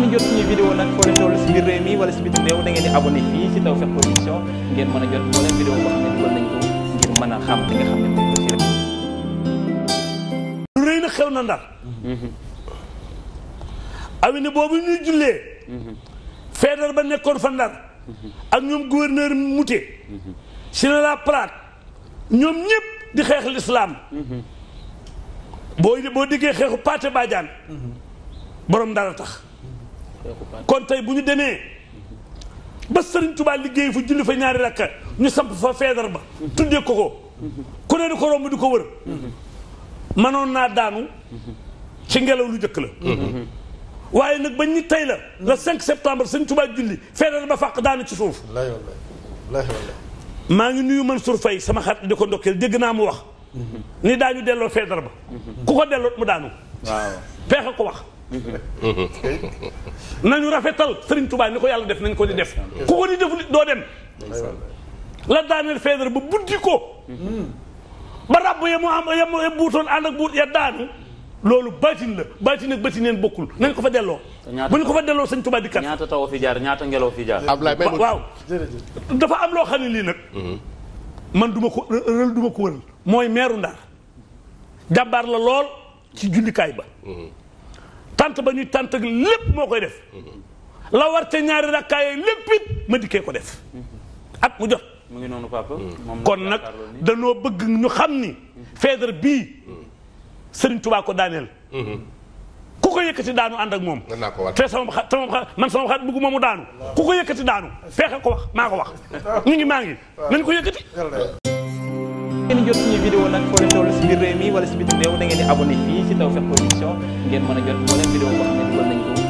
ngeen jot suñu vidéo nag a jot moo leen vidéo boo xam ne dugal a xam lu rëy na xew na ndar. awine boobu ñuy jullee. feedar ba nekkoon fa ndar. ak ñoom gouverneur Mouté. général palaat ñoom ñëpp di xeex mm-hmm. boo boo diggee xeexu Paate Badiane. Mm-hmm. borom dara tax. kon tey bu ñu demee ba Serigne Touba liggéey fu julli fa ñaari rakka ñu samp fa feedar ba tuddee ko ko ku ne di ko romb di ko wër manoon naa daanu ci ngelaw lu jëkk la waaye nag bañ ni tey la le 5 septembre Serigne Touba julli feedar ba fàq daanu ci suuf maa ngi nuyu Mansour Faye sama xarit di ko ndokkeel dégg naa mu wax mhm. ni daañu delloo feedar ba ku ko delloo mu daanu peexe ko wax nañu rafetal Serigne Touba ni ko yàlla def nañ ko di def ku ko di def doo dem la daaneel feedar ba buddi ko mm. ba ràbb ya mu am ya mu buutoon ànd ak buut ya daanu loolu baatin la baatin ak bëti neen bokkul nañ ko fa delloo bu ñu ko fa delloo Serigne Touba di kat ñaata taw fi jaar ñaata ngelaw fi jaar Ablaye waaw dafa am loo xam lii nag mm-hmm. man duma ko rël duma ko wëral mooy meeru Ndar jàmbaar la lool ci jullikaay ba mm-hmm. tant ba ñuy tant ak lépp moo koy def la war ca ñaari rakkaaye lépp it ma dikkee ko def ak mu jot mu ngi noonu papa mm. kon nag danoo bëgg ñu xam ni feebar bii Sëriñ Tuubaa ko daaneel mm-hmm. ku ko yëkkati daanu ànd ak moom te sama xa sama xa man sama xarit bëgguma mu daanu ku ko yëkkati daanu feexe ko wax maa ko wax ñu ngi maa ngi nañ ko yëkkati ngeen jot suñu vidéo nag foo leen toll si biir réew